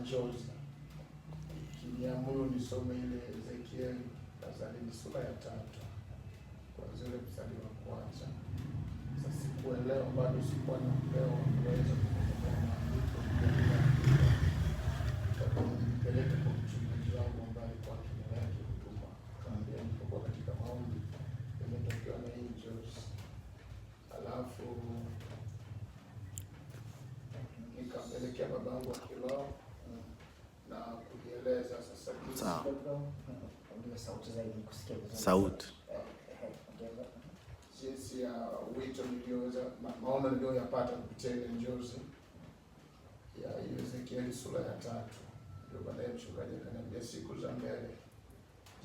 njozi. Kiniamuru nisome ile Ezekieli Nazareni sura ya tatu kuanzia ule mstari wa kwanza. Sasa sikuelewa bado, sikuwa na upeo wa kuweza kutegemea maandiko nipeleke kwa mchungaji wangu ambaye alikuwa akiendelea kihuduma, kaambia nilipokuwa katika maombi imetokewa na hii njozi, alafu nikampelekea babangu wa kiroho kujieleza sawa. Sauti eh, eh, Jinsi ya wito nilioweza maono niliyoyapata kupitia ile njozi ya Ezekieli sura ya tatu, ndio baadaye mchungaji akaniambia siku za mbele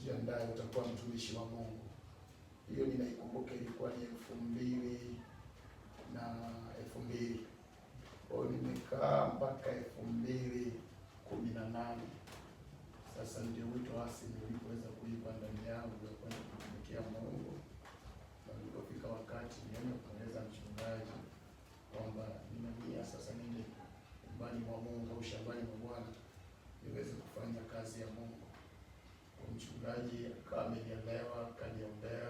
jiandae, utakuwa mtumishi wa Mungu. Hiyo ninaikumbuka ilikuwa ni elfu mbili nafasi nilipoweza kuipa ndani yangu ya kwenda kutumikia Mungu, na nilipofika wakati nienda kueleza mchungaji kwamba nina nia sasa niende nyumbani mwa Mungu au shambani mwa Bwana niweze kufanya kazi ya Mungu. Mchungaji akawa amenielewa, akaniombea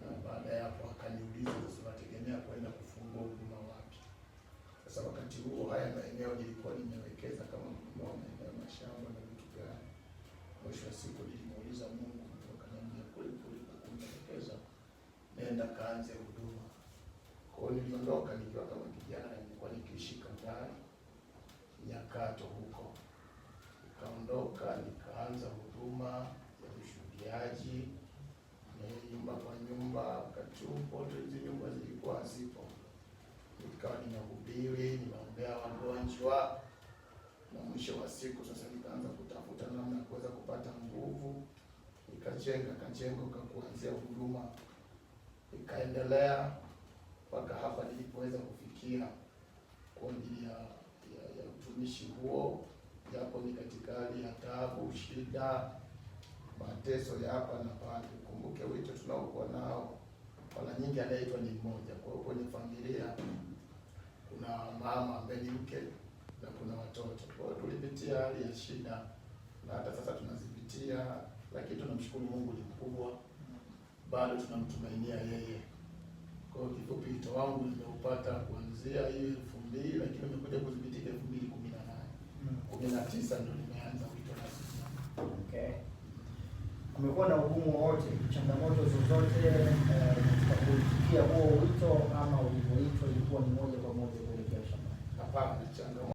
na baada ya hapo akaniuliza sasa nategemea kwenda kufungua huduma wapi. Sasa wakati huo haya maeneo nilikuwa nimewekeza kama mkulima wa maeneo mashamba na Mwisho wa siku nilimuuliza Mungu, akaniambia kule kulikunielekeza, nenda kaanze huduma. Kwa hiyo niliondoka nikiwa kama kijana, nilikuwa nikiishi Kandari Nyakato huko, nikaondoka nikaanza huduma ya ushuhudiaji nyumba kwa nyumba. Wakati huo hizi nyumba zilikuwa hazipo, nikawa ninahubiri, ninaombea wagonjwa, na mwisho wa siku sasa nikaanza kajenga kajengo kuanzia huduma ikaendelea mpaka hapa nilipoweza kufikia kwa ajili ya, ya, ya utumishi huo, japo ni katika hali ya taabu, shida, mateso ya hapa na pale. Kumbuke wito tunaokuwa nao mara nyingi anaitwa ni mmoja. Kwa hiyo kwenye familia kuna mama ambaye ni mke na kuna watoto, kwa hiyo tulipitia hali ya shida na hata sasa tunazipitia lakini tunamshukuru Mungu ni mkubwa, bado tunamtumainia yeye. Kwa hiyo kifupi, wito wangu nimeupata kuanzia hiyo elfu mbili lakini nimekuja kudhibitika elfu mbili kumi na nane hmm. kumi na tisa ndio nimeanza wito rasmi. Okay, umekuwa na ugumu wowote, changamoto zozote eh, katika kuitikia huo wito, ama ulivyoitwa ilikuwa ni moja kwa moja kuelekea shambani? Hapana, changamoto